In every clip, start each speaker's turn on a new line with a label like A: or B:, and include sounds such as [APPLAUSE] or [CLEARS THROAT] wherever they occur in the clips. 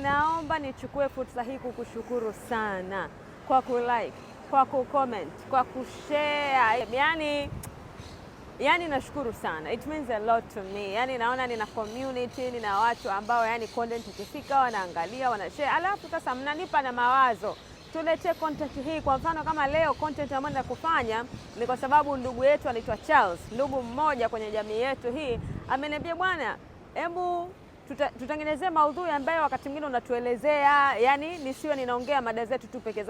A: Naomba nichukue fursa hii kukushukuru sana kwa kulike, kwa kucomment, kwa kushare. Yaani yani nashukuru sana. It means a lot to me. Yaani naona nina community, nina watu ambao yani content ikifika wanaangalia, wanashare. Alafu sasa mnanipa na mawazo. Tuletee content hii. Kwa mfano kama leo content ambayo kufanya ni kwa sababu ndugu yetu anaitwa Charles, ndugu mmoja kwenye jamii yetu hii ameniambia bwana, hebu tutengenezee maudhui ambayo wakati mwingine unatuelezea, yani nisiwe ninaongea mada zetu tu peke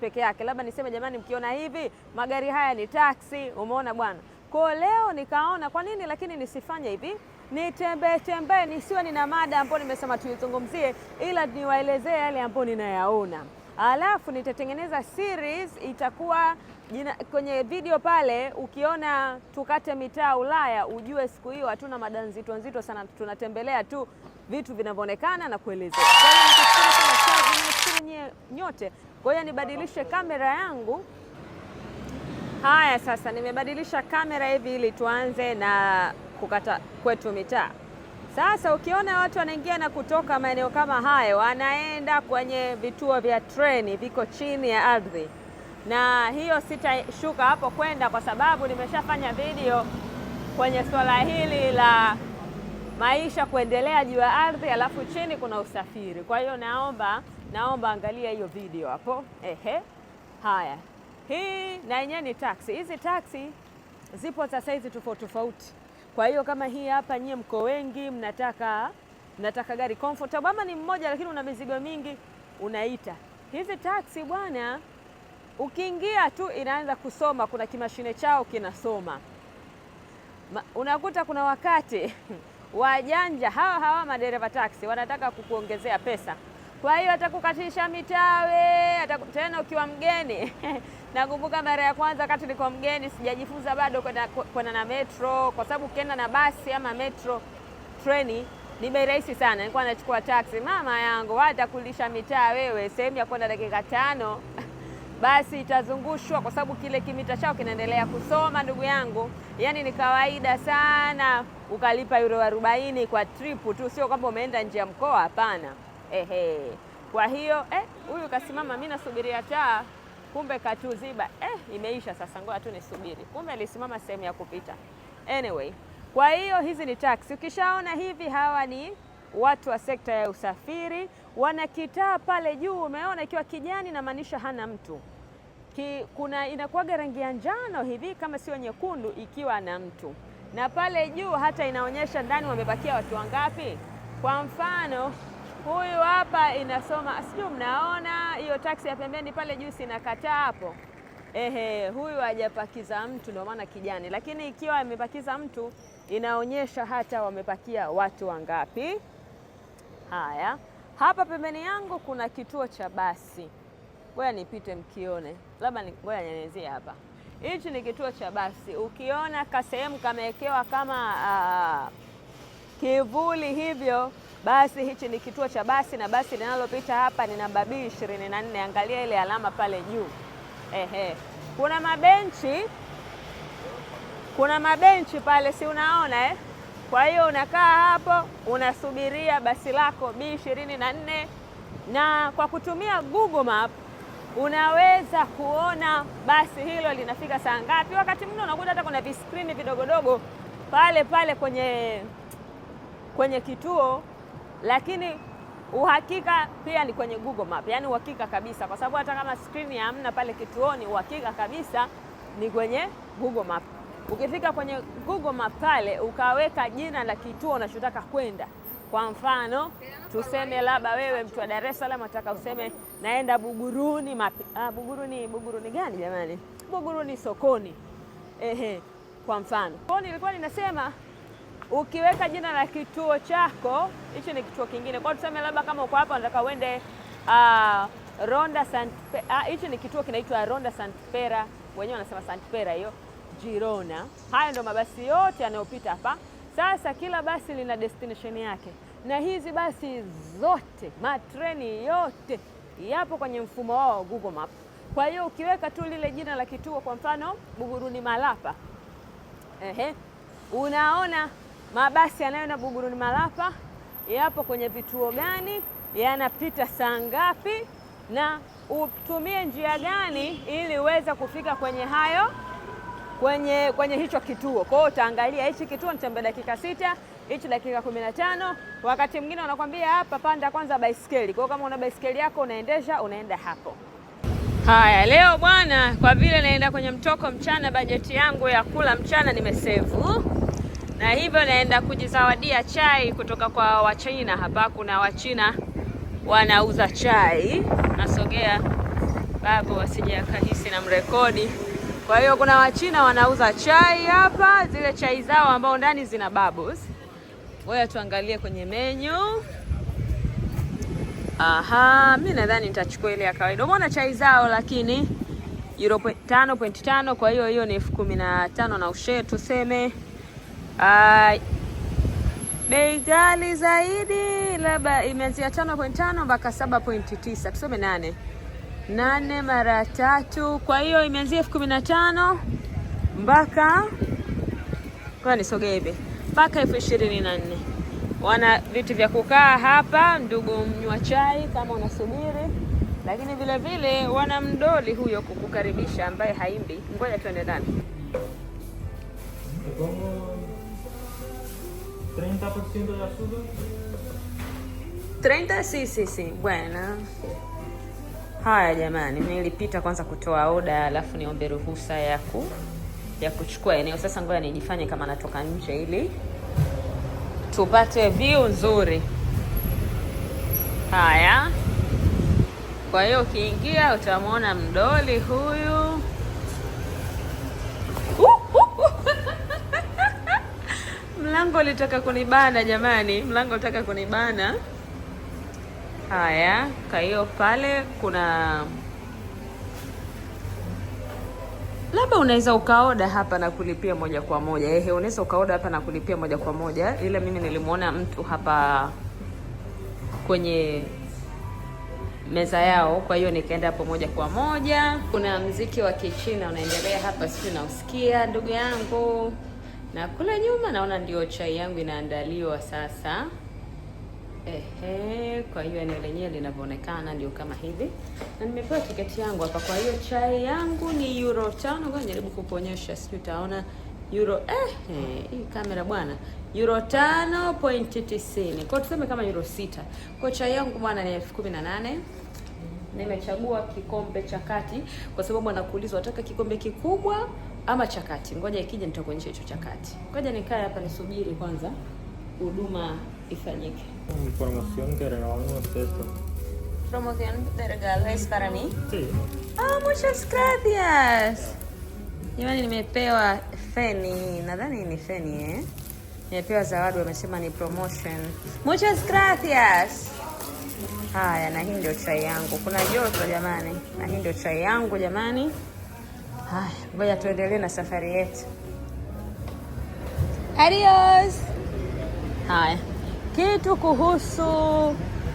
A: peke yake, labda niseme jamani, mkiona hivi magari haya ni taksi. Umeona bwana, kwa leo nikaona kwa nini lakini nisifanye hivi nitembee tembee, nisiwe nina mada ambayo nimesema tuizungumzie, ila niwaelezee yale ambayo ninayaona alafu nitatengeneza series itakuwa jina, kwenye video pale ukiona tukate mitaa Ulaya ujue siku hiyo hatuna mada nzito nzito sana, tunatembelea tu vitu vinavyoonekana na kuelezea. Nyote kwa hiyo nibadilishe kamera yangu. Haya, sasa nimebadilisha kamera hivi ili tuanze na kukata kwetu mitaa. Sasa ukiona watu wanaingia na kutoka maeneo kama hayo, wanaenda kwenye vituo vya treni viko chini ya ardhi, na hiyo sitashuka hapo kwenda kwa sababu nimeshafanya video kwenye swala hili la maisha kuendelea juu ya ardhi, alafu chini kuna usafiri. Kwa hiyo naomba naomba angalia hiyo video hapo. Ehe, haya, hii na yenyewe ni taksi. Hizi taksi zipo za hizi tofauti tofauti kwa hiyo kama hii hapa, nyie mko wengi, mnataka mnataka gari comfortable, ama ni mmoja lakini una mizigo mingi, unaita hivi taksi bwana. Ukiingia tu inaanza kusoma, kuna kimashine chao kinasoma. Unakuta kuna wakati [LAUGHS] wajanja hawa hawa madereva taksi wanataka kukuongezea pesa, kwa hiyo atakukatisha mitawe ataku... tena ukiwa mgeni [LAUGHS] Nakumbuka mara ya kwanza wakati nilikuwa mgeni, sijajifunza bado kwenda kwenda na metro, kwa sababu ukienda na basi ama metro treni ni bei rahisi sana. Nilikuwa nachukua taxi, mama yangu, hata kulisha mitaa wewe, sehemu ya kwenda dakika tano [LAUGHS] basi itazungushwa, kwa sababu kile kimita chao kinaendelea kusoma, ndugu yangu. yani ni kawaida sana ukalipa euro arobaini kwa trip tu, sio kwamba umeenda nje ya mkoa, hapana. Ehe, kwa hiyo eh, huyu eh, kasimama, mimi nasubiria taa kumbe katuziba. Eh, imeisha sasa, ngoja tu nisubiri, kumbe alisimama sehemu ya kupita. Anyway, kwa hiyo hizi ni taxi. Ukishaona hivi, hawa ni watu wa sekta ya usafiri, wana kitaa pale juu. Umeona ikiwa kijani, namaanisha hana mtu Ki, kuna inakuwaga rangi ya njano hivi kama sio nyekundu, ikiwa na mtu, na pale juu hata inaonyesha ndani wamebakia watu wangapi. Kwa mfano Huyu hapa inasoma, sijui mnaona hiyo taksi ya pembeni pale juu, sinakataa hapo. Ehe, huyu hajapakiza mtu, ndio maana kijani, lakini ikiwa amepakiza mtu inaonyesha hata wamepakia watu wangapi. Haya, hapa pembeni yangu kuna kituo cha basi, ngoja nipite mkione, labda ngoja nianzie hapa. Hichi ni kituo cha basi, ukiona kasehemu kamewekewa kama uh, kivuli hivyo basi hichi ni kituo cha basi na basi linalopita hapa ni namba B 24 Angalia ile alama pale juu. Ehe, kuna mabenchi, kuna mabenchi pale, si unaona eh? Kwa hiyo unakaa hapo unasubiria basi lako B 24 na na kwa kutumia Google Map unaweza kuona basi hilo linafika saa ngapi. Wakati mwingine unakuta hata kuna viskrini vidogodogo pale pale kwenye kwenye kituo lakini uhakika pia ni kwenye Google Map, yaani uhakika kabisa, kwa sababu hata kama skrini hamna pale kituoni, uhakika kabisa ni kwenye Google Map. Ukifika kwenye Google Map pale ukaweka jina la kituo unachotaka kwenda, kwa mfano tuseme labda wewe mtu wa Dar es Salaam ataka useme naenda Buguruni mapi, ah, Buguruni, Buguruni gani jamani? Buguruni sokoni, ehe, kwa mfano kwa nilikuwa ninasema Ukiweka jina la kituo chako, hichi ni kituo kingine. Kwa tuseme labda kama uko hapa unataka uende uh, Ronda Sant ah, hicho uh, ni kituo kinaitwa Ronda Pera, wenyewe wanasema Pera hiyo Girona. Haya ndio mabasi yote yanayopita hapa. Sasa kila basi lina destination yake, na hizi basi zote, matreni yote yapo kwenye mfumo wao wa Google Map. Kwa hiyo ukiweka tu lile jina la kituo, kwa mfano Buguruni Malapa, ehe, unaona mabasi yanayoenda Buguruni Malapa yapo kwenye vituo gani, yanapita saa ngapi, na utumie njia gani ili uweze kufika kwenye hayo kwenye, kwenye hicho kituo. Kwa hiyo utaangalia hichi kituo nitembea dakika sita, hichi dakika kumi na tano. Wakati mwingine wanakwambia hapa panda kwanza baiskeli. Kwa hiyo kama una baiskeli yako unaendesha, unaenda hapo. Haya, leo bwana, kwa vile naenda kwenye mtoko mchana, bajeti yangu ya kula mchana nimesevu na hivyo naenda kujizawadia chai kutoka kwa Wachina. Hapa kuna Wachina wanauza chai. Nasogea babo wasije akahisi na mrekodi. Kwa hiyo kuna Wachina wanauza chai hapa, zile chai zao ambao ndani zina bubbles. Ngoja tuangalie kwenye menu. Aha, mi nadhani nitachukua ile ya kawaida. Umeona chai zao lakini euro 5.5, kwa hiyo hiyo ni elfu kumi na tano na ushe tuseme Ay. Bei ghali zaidi labda imeanzia 5.5 mpaka 7.9, tuseme nane nane mara tatu, kwa hiyo imeanzia elfu kumi na tano mpaka kwa nisogee hivi mpaka elfu ishirini na nne. Wana viti vya kukaa hapa, ndugu mnywa chai, kama unasubiri, lakini vile vile wana mdoli huyo kukukaribisha, ambaye haimbi. Ngoja tuende ndani.
B: ¿30% de azúcar?
A: 30, si si si, bwana. Haya jamani, nilipita kwanza kutoa oda, alafu niombe ruhusa ya ku ya kuchukua eneo. Sasa ngoja nijifanye kama natoka nje ili tupate view nzuri. Haya, kwa hiyo ukiingia utamwona mdoli huyu mlango ulitaka kunibana jamani, mlango ulitaka kunibana. Haya, kwa hiyo pale kuna labda unaweza ukaoda hapa na kulipia moja kwa moja. Ehe, unaweza ukaoda hapa na kulipia moja kwa moja, ila mimi nilimwona mtu hapa kwenye meza yao, kwa hiyo nikaenda hapo moja kwa moja. Kuna mziki wa Kichina unaendelea hapa, sijui nausikia ndugu yangu na kule nyuma naona ndio chai yangu inaandaliwa sasa. Ehe, kwa hiyo eneo lenyewe linavyoonekana ndio kama hivi, na nimepewa tiketi yangu hapa. Kwa hiyo chai yangu ni euro tano. Ngoja nijaribu kukuonyesha, sijui utaona euro eh, hii kamera bwana, euro tano tisini kwa tuseme kama euro sita kwa chai yangu bwana ni elfu kumi na nane Nimechagua kikombe cha kati kwa sababu anakuuliza wataka kikombe kikubwa ama chakati. Ngoja ikija nitakuonyesha hicho chakati. Ngoja nikae hapa nisubiri kwanza huduma ifanyike.
B: de regalo regalamos esto.
A: Promoción de regalo es para mi? Sí. Ah, oh, muchas gracias. Jamani, nimepewa feni, nadhani ni feni eh? Nimepewa zawadi, wamesema ni promotion. Muchas gracias. Haya, na hii ndio chai yangu. Kuna joto jamani, na hii ndio chai yangu jamani. Haya, ngoja tuendelee na safari yetu. Adios. Haya, kitu kuhusu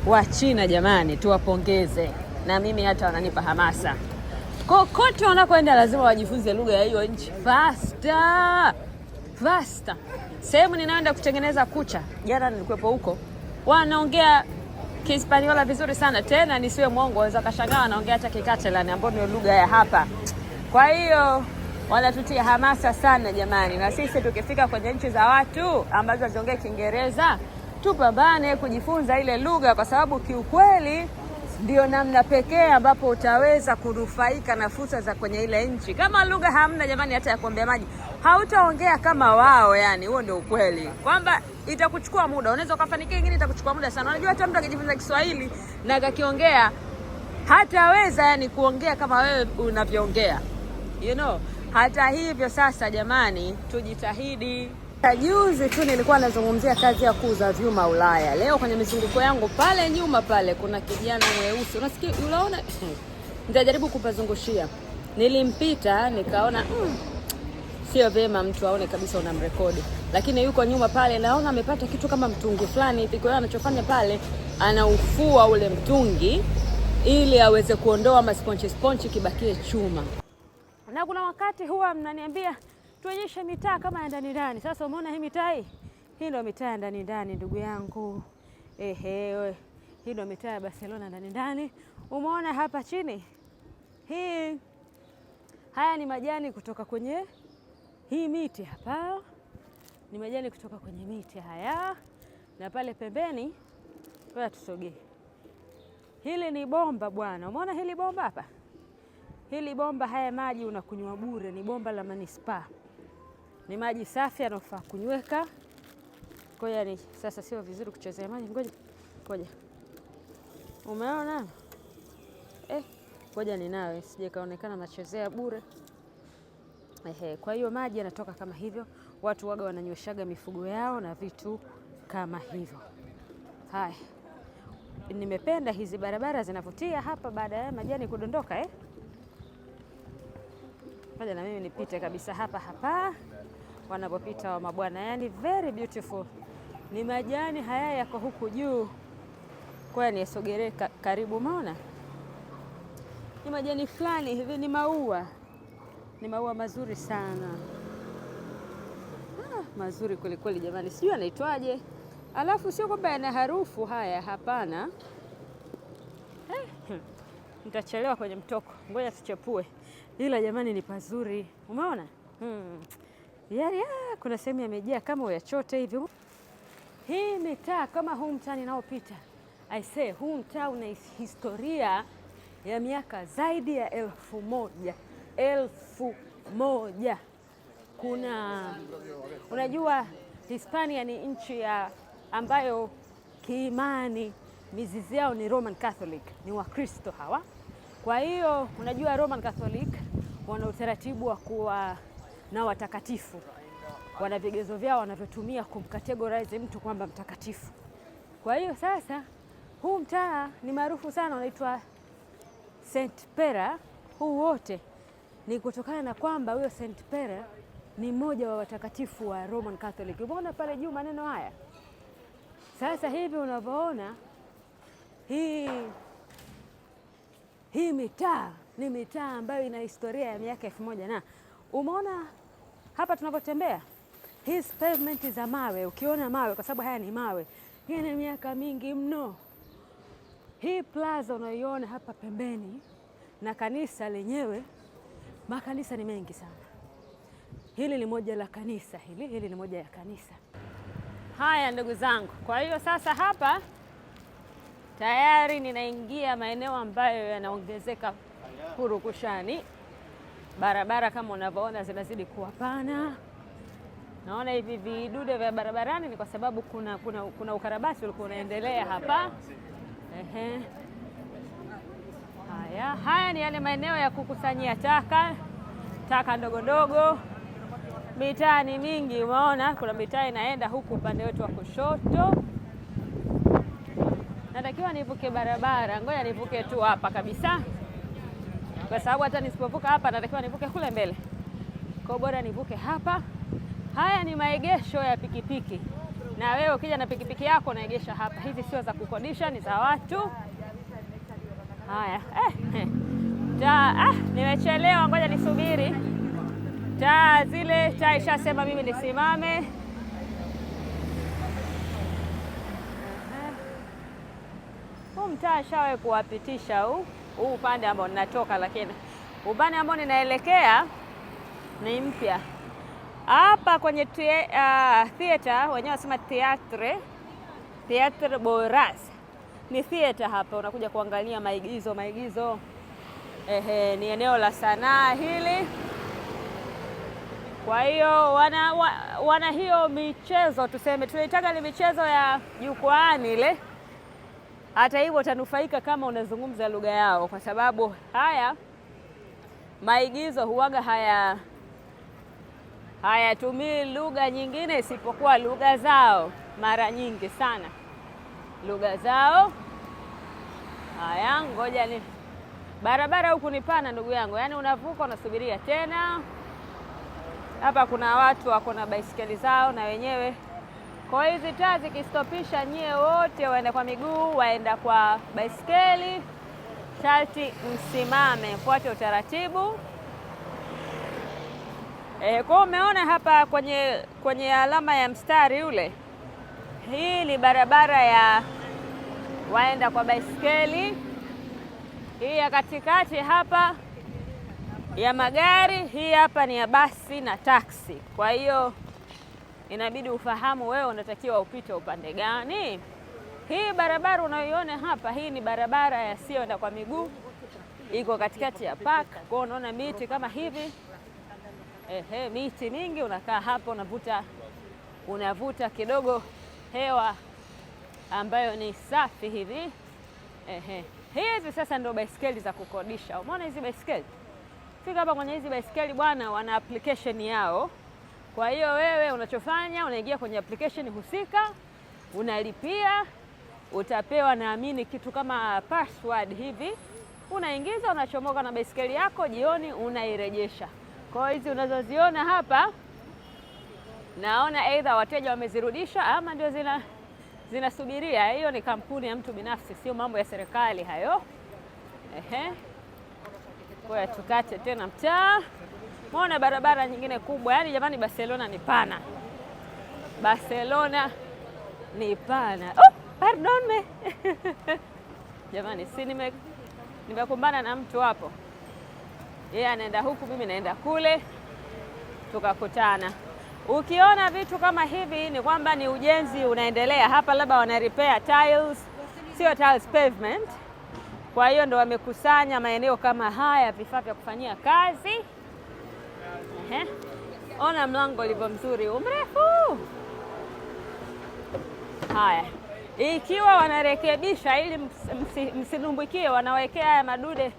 A: Wachina jamani, tuwapongeze na mimi hata wananipa hamasa. Kokote wanakoenda lazima wajifunze lugha ya hiyo nchi fasta fasta. Sehemu ninayoenda kutengeneza kucha, jana nilikuwepo huko, wanaongea Kihispaniola vizuri sana tena, nisiwe mwongo, waweza kashangaa wanaongea hata Kikatelan ambayo ndio lugha ya hapa kwa hiyo wanatutia hamasa sana jamani, na sisi tukifika kwenye nchi za watu ambazo haziongee Kiingereza tupambane kujifunza ile lugha, kwa sababu kiukweli ndio namna pekee ambapo utaweza kunufaika na fursa za kwenye ile nchi. Kama lugha hamna jamani, hata ya kuombea maji hautaongea kama wao. Yani huo ndio ukweli, kwamba itakuchukua muda, unaweza ukafanikia, ingine itakuchukua muda sana. Unajua hata mtu akijifunza Kiswahili na akakiongea hataweza yani kuongea kama wewe unavyoongea you know. Hata hivyo sasa, jamani, tujitahidi. Juzi tu nilikuwa nazungumzia kazi ya kuuza vyuma Ulaya. Leo kwenye mizunguko yangu pale nyuma pale kuna kijana mweusi, unasikia, unaona, [CLEARS THROAT] nitajaribu kupazungushia. Nilimpita nikaona mm, sio vyema mtu aone kabisa unamrekodi, lakini yuko nyuma pale, naona amepata kitu kama mtungi fulani hivi. Kwa hiyo anachofanya pale, anaufua ule mtungi ili aweze kuondoa masponchi sponchi, kibakie chuma na kuna wakati huwa mnaniambia tuonyeshe mitaa kama ya ndani ndani. Sasa umeona hii mitaa hii, hii ndio mitaa ya ndani ndani ndugu yangu. Ehe, hii ndio mitaa ya Barcelona ndani ndani. Umeona hapa chini hii, haya ni majani kutoka kwenye hii miti hapa, ni majani kutoka kwenye miti haya, na pale pembeni, tusogee. Hili ni bomba bwana, umeona hili bomba hapa Hili bomba, haya maji unakunywa bure, ni bomba la manispaa, ni maji safi yanayofaa kunyweka. Kwa hiyo yani, sasa sio vizuri kuchezea maji. Ngoja ngoja, umeona eh? Ngoja ninawe sije kaonekana nachezea bure. Ehe, kwa hiyo maji yanatoka kama hivyo, watu waga wananyweshaga mifugo yao na vitu kama hivyo. Haya, nimependa hizi barabara zinavutia hapa, baada ya majani kudondoka eh. Ngoja na mimi nipite kabisa hapa hapa wanapopita wa mabwana, yani very beautiful. Ni majani haya yako huku juu, kwa ka, karibu. Maona ni majani fulani hivi, ni maua, ni maua mazuri sana ah, mazuri kwelikweli jamani, sijui anaitwaje. Alafu sio kwamba yana harufu haya, hapana eh nitachelewa kwenye mtoko, ngoja tuchepue. Ila jamani, ni pazuri, umeona hmm. Yari, ya, ah, kuna sehemu yamejaa kama uyachote hivi. Hii mitaa kama huu mtaa ninaopita, aisee, huu mtaa una historia ya miaka zaidi ya elfu moja elfu moja. Kuna unajua, Hispania ni nchi ya ambayo kiimani mizizi yao ni Roman Catholic, ni Wakristo hawa kwa hiyo unajua Roman Catholic wana utaratibu wa kuwa na watakatifu, wana vigezo vyao wanavyotumia kumkategorize mtu kwamba mtakatifu. Kwa hiyo sasa, huu mtaa ni maarufu sana, unaitwa Saint Pera. Huu wote ni kutokana na kwamba huyo Saint Pera ni mmoja wa watakatifu wa Roman Catholic. Umeona pale juu maneno haya. Sasa hivi unavyoona hii hii mitaa ni mitaa ambayo ina historia ya miaka elfu moja na umeona hapa tunapotembea hizi pavement za mawe, ukiona mawe, kwa sababu haya ni mawe, hii ni miaka mingi mno. Hii plaza unayoiona hapa pembeni na kanisa lenyewe, makanisa ni mengi sana. Hili ni moja la kanisa hili, hili ni moja ya kanisa. Haya ndugu zangu, kwa hiyo sasa hapa tayari ninaingia maeneo ambayo yanaongezeka purukushani. Barabara kama unavyoona zinazidi kuwa pana. Naona hivi vidude vya barabarani ni kwa sababu kuna, kuna, kuna ukarabati ulikuwa unaendelea hapa. Ehe. Haya, haya ni yale maeneo ya kukusanyia taka taka ndogo ndogo. Mitaa ni mingi, umeona kuna mitaa inaenda huku upande wetu wa kushoto natakiwa nivuke barabara, ngoja nivuke tu hapa kabisa, kwa sababu hata nisipovuka hapa natakiwa nivuke kule mbele, kwa bora nivuke hapa. Haya ni maegesho ya pikipiki, na wewe ukija na pikipiki yako unaegesha hapa. Hizi sio za kukodisha, ni za watu. Haya eh, eh. Ah, nimechelewa, ngoja nisubiri taa zile. Taa ishasema mimi nisimame. mtaa shawe kuwapitisha huu huu upande ambao ninatoka, lakini upande ambao ninaelekea ni mpya hapa kwenye uh, wenyewe wanasema theatre theatre Boras ni theatre hapa, unakuja kuangalia maigizo maigizo. Ehe, ni eneo la sanaa hili. Kwa hiyo wana, wana hiyo michezo tuseme, tunaitaga ni michezo ya jukwaani ile hata hivyo utanufaika kama unazungumza lugha yao, kwa sababu haya maigizo huwaga haya hayatumii lugha nyingine isipokuwa lugha zao, mara nyingi sana lugha zao. Haya, ngoja ni barabara huku ni pana, ndugu yangu, yaani unavuka unasubiria tena. Hapa kuna watu wako na baisikeli zao na wenyewe kwa hiyo hizi taa zikistopisha, nyie wote waenda kwa miguu, waenda kwa baiskeli, sharti msimame, mfuate utaratibu. E, kwa umeona hapa kwenye, kwenye alama ya mstari ule, hii ni barabara ya waenda kwa baiskeli, hii ya katikati hapa ya magari, hii hapa ni ya basi na taksi. Kwa hiyo inabidi ufahamu wewe unatakiwa upite upande gani. Hii barabara unayoiona hapa, hii ni barabara yasiyoenda kwa miguu, iko katikati ya park. Kwa unaona miti kama hivi, ehe, miti mingi. Unakaa hapa unavuta, unavuta kidogo hewa ambayo ni safi hivi, ehe. Hizi sasa ndio baisikeli za kukodisha. Umeona hizi baisikeli, fika hapa kwenye hizi baisikeli bwana, wana application yao kwa hiyo wewe unachofanya unaingia kwenye application husika, unalipia, utapewa naamini kitu kama password hivi, unaingiza, unachomoka na baisikeli yako, jioni unairejesha. Kwa hiyo hizi unazoziona hapa, naona aidha wateja wamezirudisha ama ndio zina zinasubiria. Hiyo ni kampuni ya mtu binafsi, sio mambo ya serikali hayo. Ehe, kwa tukate tena mtaa Umeona barabara nyingine kubwa. Yaani jamani, Barcelona ni pana, Barcelona ni pana. Oh, pardon me [LAUGHS] jamani, si nime nimekumbana na mtu hapo, yeye anaenda huku, mimi naenda kule, tukakutana. Ukiona vitu kama hivi ni kwamba ni ujenzi unaendelea hapa, labda wana repair tiles, sio tiles, pavement. Kwa hiyo ndo wamekusanya maeneo kama haya, vifaa vya kufanyia kazi. Ona mlango ulivyo mzuri umrefu. Haya, ikiwa wanarekebisha ili msidumbukie, msi wanawekea haya madude,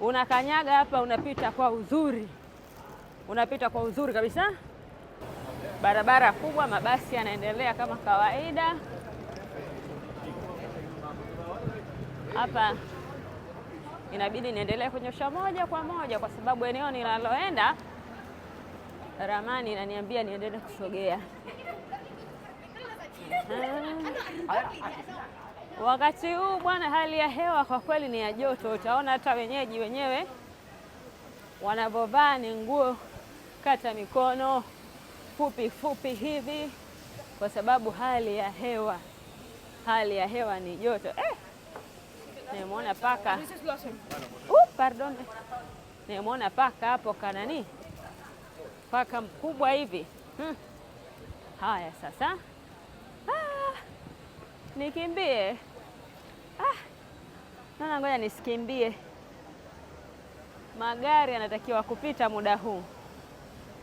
A: unakanyaga hapa, unapita kwa uzuri, unapita kwa uzuri kabisa. Barabara kubwa, mabasi yanaendelea kama kawaida. Hapa inabidi niendelee kunyosha moja kwa moja kwa sababu eneo ninaloenda ramani inaniambia niendele kusogea. Wakati huu bwana, hali ya hewa kwa kweli ni ya joto. Utaona hata wenyeji wenyewe wanavyovaa ni nguo kata mikono fupi fupi hivi, kwa sababu hali ya hewa hali ya hewa ni joto eh. Nimeona paka uh, pardon, nimeona paka hapo kanani paka mkubwa hivi hmm. Haya sasa, ah, nikimbie ah, naona ngoja nisikimbie. Magari yanatakiwa kupita muda huu.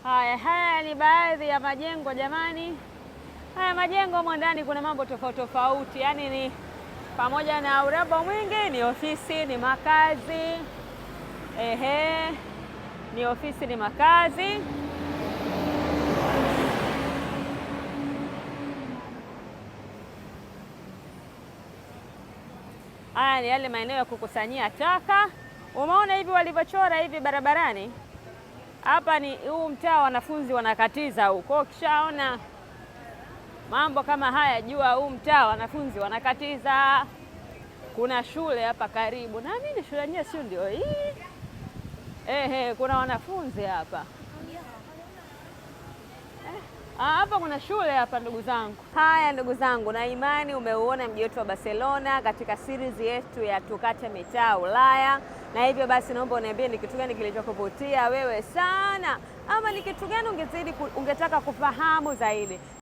A: Haya, haya ni baadhi ya majengo jamani. Haya majengo mwa ndani kuna mambo tofauti tofauti, yaani ni pamoja na urembo mwingi, ni ofisi, ni makazi. Ehe, ni ofisi, ni makazi. haya ni yale maeneo ya kukusanyia taka. Umeona hivi walivyochora hivi barabarani hapa, ni huu mtaa wanafunzi wanakatiza huko. Ukishaona mambo kama haya, jua huu mtaa wanafunzi wanakatiza. Kuna shule hapa karibu, naamini shule yenyewe sio ndio hii? Ehe, kuna wanafunzi hapa Ah, hapa kuna shule hapa, ndugu zangu. Haya ndugu zangu, na imani umeuona mji wetu wa Barcelona katika series yetu ya tukate mitaa Ulaya, na hivyo basi naomba uniambie ni kitu gani kilichokuvutia wewe sana, ama ni kitu gani ungezidi ungetaka kufahamu zaidi.